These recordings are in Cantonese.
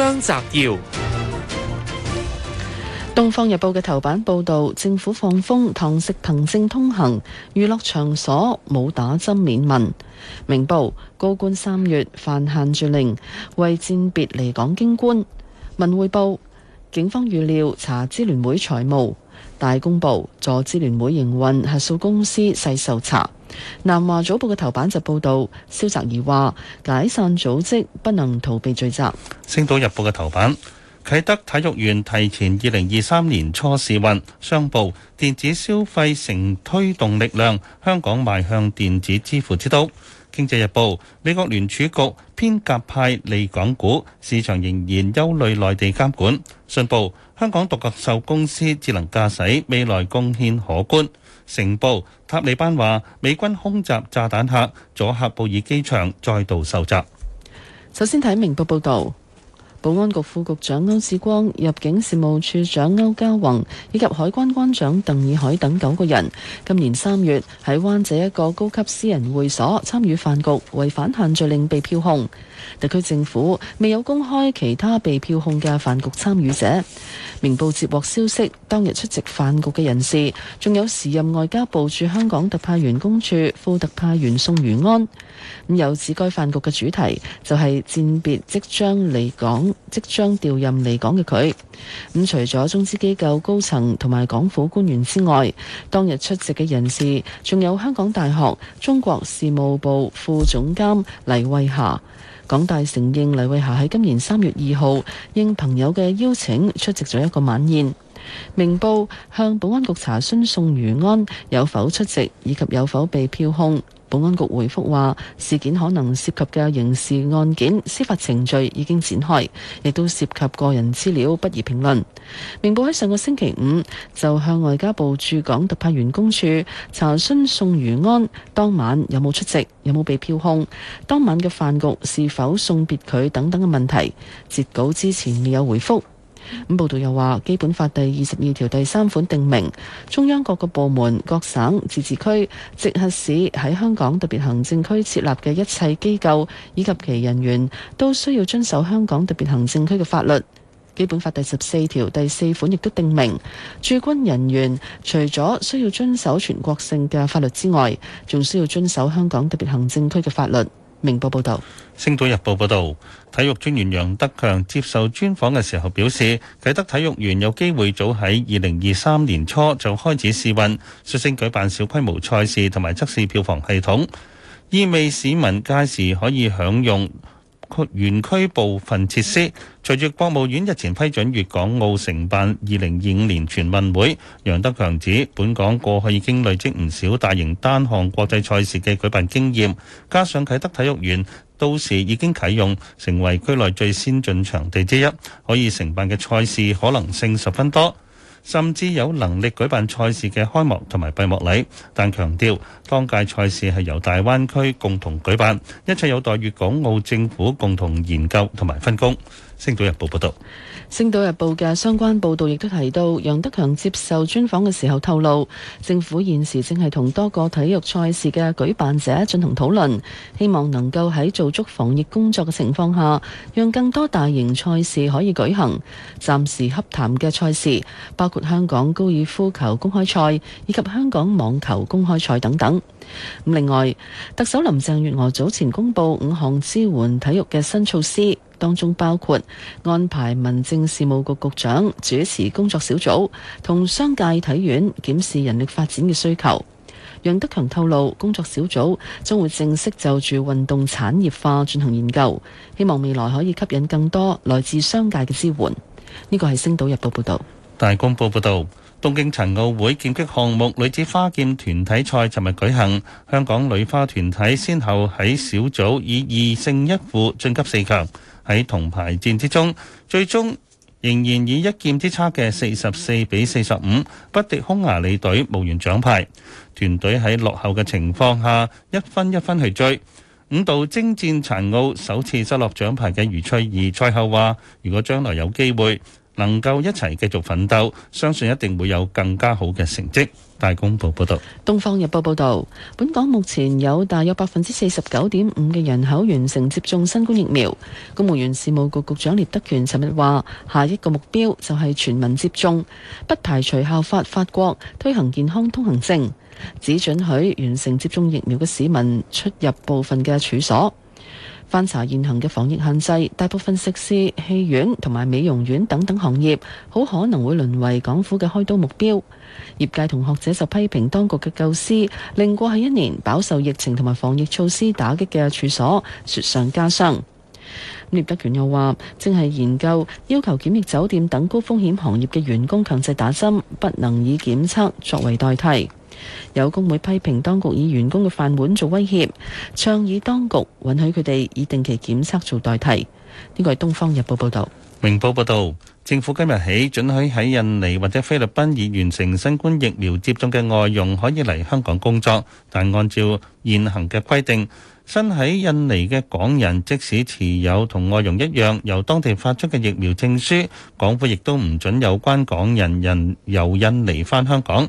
張澤堯，《東方日報》嘅頭版報道，政府放風，堂食憑證通行，娛樂場所冇打針免問。明報，高官三月犯限聚令，為餞別離港京官。文匯報，警方預料查支聯會財務。大公報，助支聯會營運核數公司細受查。南華早報嘅頭版就報道，蕭澤頤話解散組織不能逃避罪責。星島日報嘅頭版，啟德體育園提前二零二三年初試運。商報，電子消費成推動力量，香港邁向電子支付之都。經濟日報：美國聯儲局偏鴿派利港股，市場仍然憂慮內地監管。信報：香港獨角獸公司智能駕駛未來貢獻可觀。成報：塔利班話美軍空襲炸彈客，阻嚇喀布爾機場再度受襲。首先睇明報報道。保安局副局長歐志光、入境事務處長歐嘉宏以及海關關長鄧以海等九個人，今年三月喺灣仔一個高級私人會所參與飯局，違反限聚令被票控。特區政府未有公開其他被票控嘅飯局參與者。明報接獲消息，當日出席飯局嘅人士，仲有時任外交部駐香港特派員公署副特派員宋如安。咁、嗯、由此，該飯局嘅主題就係、是、餞別即將離港、即將調任離港嘅佢。咁、嗯、除咗中資機構高層同埋港府官員之外，當日出席嘅人士，仲有香港大學中國事務部副總監黎惠霞。港大承認黎慧霞喺今年三月二號應朋友嘅邀請出席咗一個晚宴。明報向保安局查詢宋如安有否出席，以及有否被票控。保安局回覆話，事件可能涉及嘅刑事案件司法程序已經展開，亦都涉及個人資料，不宜評論。明報喺上個星期五就向外交部駐港特派員公署查詢宋，宋如安當晚有冇出席，有冇被票控，當晚嘅飯局是否送別佢等等嘅問題，截稿之前未有回覆。咁報道又話，《基本法》第二十二條第三款定明，中央各個部門、各省、自治區、直轄市喺香港特別行政區設立嘅一切機構以及其人員，都需要遵守香港特別行政區嘅法律。《基本法》第十四條第四款亦都定明，駐軍人員除咗需要遵守全國性嘅法律之外，仲需要遵守香港特別行政區嘅法律。明報報道，《星島日報》報道，體育專員楊德強接受專訪嘅時候表示，啟德體育園有機會早喺二零二三年初就開始試運，率先舉辦小規模賽事同埋測試票房系統，意味市民屆時可以享用。區園區部分設施，隨住國務院日前批准粵港澳承辦二零二五年全運會，楊德強指本港過去已經累積唔少大型單項國際賽事嘅舉辦經驗，加上啟德體育園到時已經啟用，成為區內最先進場地之一，可以承辦嘅賽事可能性十分多。甚至有能力舉辦賽事嘅開幕同埋閉幕禮，但強調當屆賽事係由大灣區共同舉辦，一切有待粵港澳政府共同研究同埋分工。星島日報報道。星島日報嘅相關報道亦都提到，楊德強接受專訪嘅時候透露，政府現時正係同多個體育賽事嘅舉辦者進行討論，希望能夠喺做足防疫工作嘅情況下，讓更多大型賽事可以舉行。暫時洽談嘅賽事包括。香港高爾夫球公開賽以及香港網球公開賽等等。另外，特首林鄭月娥早前公布五項支援體育嘅新措施，當中包括安排民政事務局局局長主持工作小組，同商界體院檢視人力發展嘅需求。楊德強透露，工作小組將會正式就住運動產業化進行研究，希望未來可以吸引更多來自商界嘅支援。呢個係《星島日報》報道。大公報報導，東京殘奧會劍擊項目女子花劍團體賽尋日舉行，香港女花團體先後喺小組以二勝一負晉級四強，喺銅牌戰之中，最終仍然以一劍之差嘅四十四比四十五不敵匈牙利隊，無緣獎牌。團隊喺落後嘅情況下一分一分去追，五度征戰殘奧首次失落獎牌嘅余翠怡賽後話：如果將來有機會，能夠一齊繼續奮鬥，相信一定會有更加好嘅成績。大公報報道。東方日報報道，本港目前有大約百分之四十九點五嘅人口完成接種新冠疫苗。公務員事務局局，局長聶德權尋日話：下一個目標就係全民接種，不排除效法法，法國推行健康通行證，只准許完成接種疫苗嘅市民出入部分嘅處所。翻查現行嘅防疫限制，大部分食肆、戲院同埋美容院等等行業，好可能會淪為港府嘅開刀目標。業界同學者就批評當局嘅構思，令過去一年飽受疫情同埋防疫措施打擊嘅處所雪上加霜。聶德權又話，正係研究要求檢疫酒店等高風險行業嘅員工強制打針，不能以檢測作為代替。有工會批評當局以員工嘅飯碗做威脅，倡議當局允許佢哋以定期檢測做代替。呢個係《東方日報》報道，《明報》報道，政府今日起准許喺印尼或者菲律賓已完成新冠疫苗接種嘅外傭可以嚟香港工作，但按照現行嘅規定，身喺印尼嘅港人即使持有同外傭一樣由當地發出嘅疫苗證書，港府亦都唔准有關港人人由印尼返香港。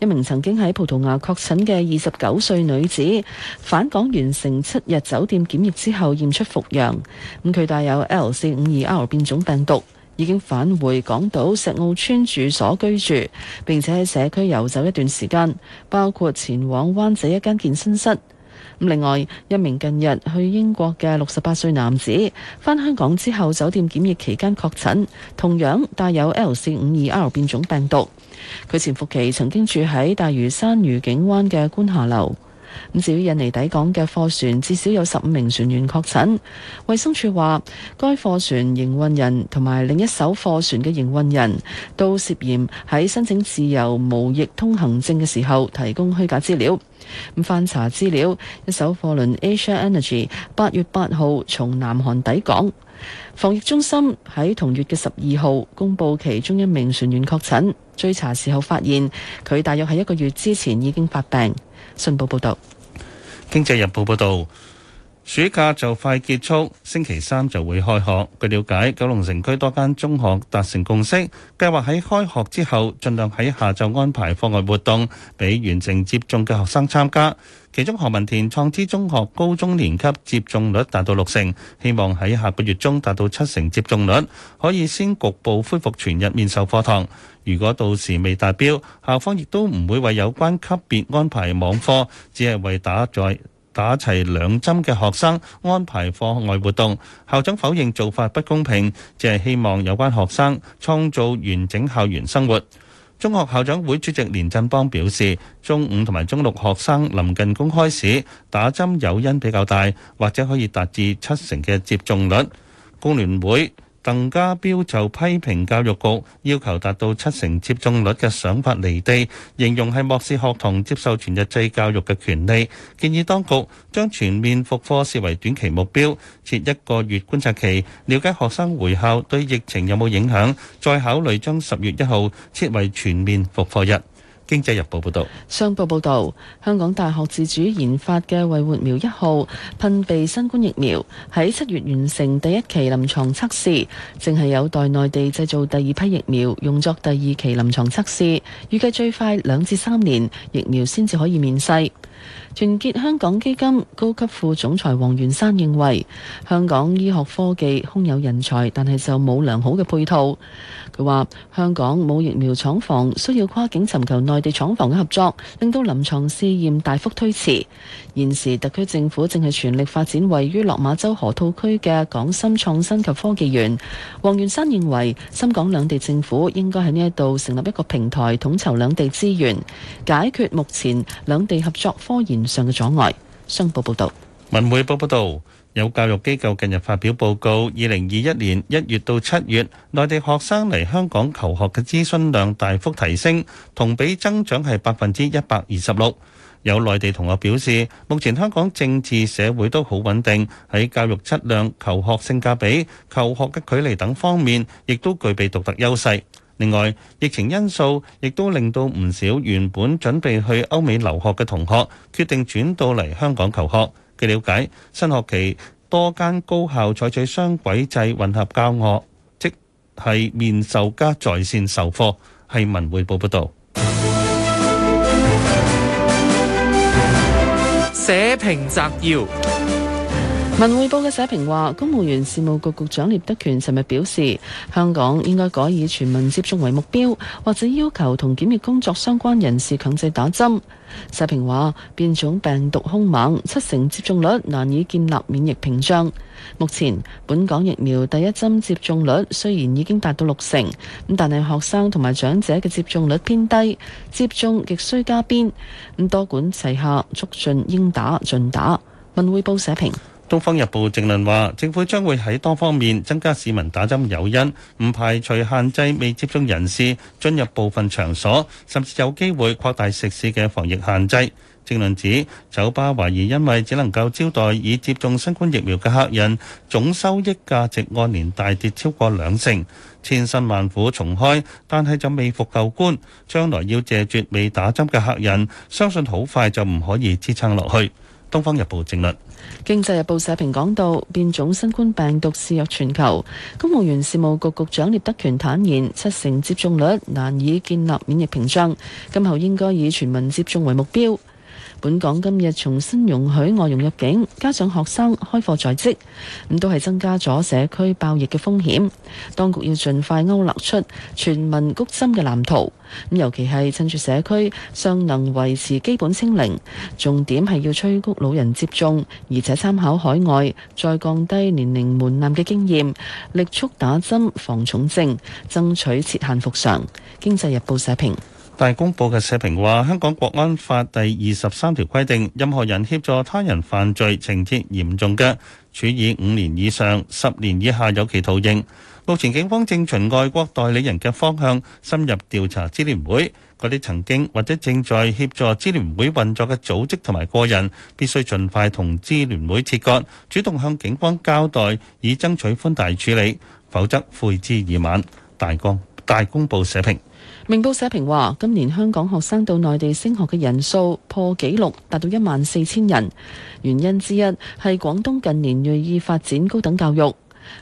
一名曾經喺葡萄牙確診嘅二十九歲女子返港完成七日酒店檢疫之後，驗出復陽。咁佢帶有 L 四五二 R 變種病毒，已經返回港島石澳村住所居住，並且喺社區遊走一段時間，包括前往灣仔一間健身室。另外，一名近日去英國嘅六十八歲男子，返香港之後酒店檢疫期間確診，同樣帶有 L452R 變種病毒。佢潛伏期曾經住喺大嶼山愉景灣嘅觀霞樓。咁至於印尼抵港嘅貨船，至少有十五名船員確診。衛生署話，該貨船營運人同埋另一艘貨船嘅營運人都涉嫌喺申請自由貿易通行證嘅時候提供虛假資料。咁翻查資料，一艘貨輪 Asia Energy 八月八號從南韓抵港。防疫中心喺同月嘅十二號公佈其中一名船員確診，追查時候發現佢大約喺一個月之前已經發病。信報報道：《經濟日報》報道。暑假就快結束，星期三就會開學。據了解，九龍城區多間中學達成共識，計劃喺開學之後盡量喺下晝安排課外活動，俾完成接種嘅學生參加。其中，何文田創知中學高中年級接種率達到六成，希望喺下個月中達到七成接種率，可以先局部恢復全日面授課堂。如果到時未達標，校方亦都唔會為有關級別安排網課，只係為打在。打齊兩針嘅學生安排課外活動，校長否認做法不公平，淨係希望有關學生創造完整校園生活。中學校長會主席連振邦表示，中五同埋中六學生臨近公開試打針誘因比較大，或者可以達至七成嘅接種率。工聯會鄧家彪就批評教育局要求達到七成接種率嘅想法離地，形容係漠視學童接受全日制教育嘅權利，建議當局將全面復課視為短期目標，設一個月觀察期，了解學生回校對疫情有冇影響，再考慮將十月一號設為全面復課日。經濟日報報道，商報報道，香港大學自主研發嘅維活苗一號噴鼻新冠疫苗喺七月完成第一期臨床測試，淨係有待內地製造第二批疫苗用作第二期臨床測試，預計最快兩至三年疫苗先至可以面世。團結香港基金高級副總裁黃元山認為，香港醫學科技空有人才，但係就冇良好嘅配套。佢話香港冇疫苗廠房，需要跨境尋求內地廠房嘅合作，令到臨床試驗大幅推遲。現時特區政府正係全力發展位於落馬洲河套區嘅港深創新及科技園。黃元山認為，深港兩地政府應該喺呢一度成立一個平台，統籌兩地資源，解決目前兩地合作科研上嘅阻礙。商報報道，文匯報報道，有教育機構近日發表報告，二零二一年一月到七月，內地學生嚟香港求學嘅諮詢量大幅提升，同比增長係百分之一百二十六。有內地同學表示，目前香港政治社會都好穩定，喺教育質量、求學性價比、求學嘅距離等方面，亦都具備獨特優勢。另外，疫情因素亦都令到唔少原本準備去歐美留學嘅同學，決定轉到嚟香港求學。據了解，新學期多間高校採取雙軌制混合教學，即係面授加在線授課。係文匯報報道。社評摘要。文匯報嘅社評話，公務員事務局局長聶德權尋日表示，香港應該改以全民接種為目標，或者要求同檢疫工作相關人士強制打針。社評話，變種病毒兇猛，七成接種率難以建立免疫屏障。目前本港疫苗第一針接種率雖然已經達到六成，咁但係學生同埋長者嘅接種率偏低，接種亦需加鞭，咁多管齊下，促進應打盡打。文匯報社評。《東方日報》正論話，政府將會喺多方面增加市民打針誘因，唔排除限制未接種人士進入部分場所，甚至有機會擴大食肆嘅防疫限制。正論指，酒吧懷疑因為只能夠招待已接種新冠疫苗嘅客人，總收益價值按年大跌超過兩成，千辛萬苦重開，但係就未復舊觀，將來要謝絕未打針嘅客人，相信好快就唔可以支撐落去。東方日報正論。經濟日報社評講到，變種新冠病毒肆虐全球，公務員事務局局，局長聶德權坦言，七成接種率難以建立免疫屏障，今後應該以全民接種為目標。本港今日重新容許外傭入境，加上學生開課在即，咁都係增加咗社區爆疫嘅風險。當局要盡快勾勒出全民谷針嘅藍圖，咁尤其係趁住社區尚能維持基本清零，重點係要催谷老人接種，而且參考海外再降低年齡門檻嘅經驗，力促打針防重症，爭取設限復常。經濟日報社評。大公報嘅社評話：香港國安法第二十三條規定，任何人協助他人犯罪，情節嚴重嘅，處以五年以上十年以下有期徒刑。目前警方正循外國代理人嘅方向深入調查支聯會，嗰啲曾經或者正在協助支聯會運作嘅組織同埋個人，必須盡快同支聯會切割，主動向警方交代，以爭取寬大處理，否則悔之已晚。大公大公報社評。明報社評話，今年香港學生到內地升學嘅人數破紀錄，達到一萬四千人。原因之一係廣東近年銳意發展高等教育，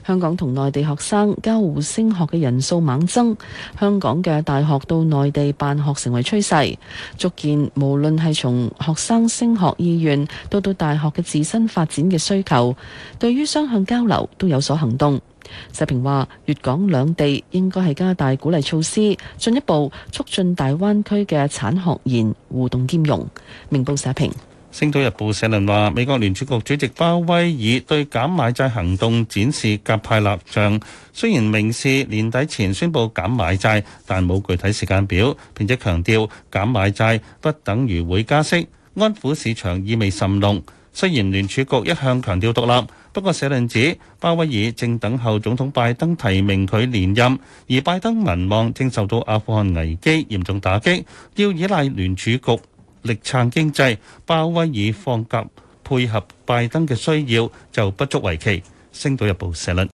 香港同內地學生交互升學嘅人數猛增。香港嘅大學到內地辦學成為趨勢，足見無論係從學生升學意願到到大學嘅自身發展嘅需求，對於雙向交流都有所行動。社評話，粵港兩地應該係加大鼓勵措施，進一步促進大灣區嘅產學研互動兼容。明報社評。《星島日報》社論話，美國聯儲局主席鮑威爾對減買債行動展示鴿派立場，雖然明示年底前宣布減買債，但冇具體時間表，並且強調減買債不等於會加息，安撫市場意味甚濃。雖然聯儲局一向強調獨立，不過社論指鮑威爾正等候總統拜登提名佢連任，而拜登民望正受到阿富汗危機嚴重打擊，要依賴聯儲局力撐經濟，鮑威爾放鴿配合拜登嘅需要就不足為奇。星島日報社論。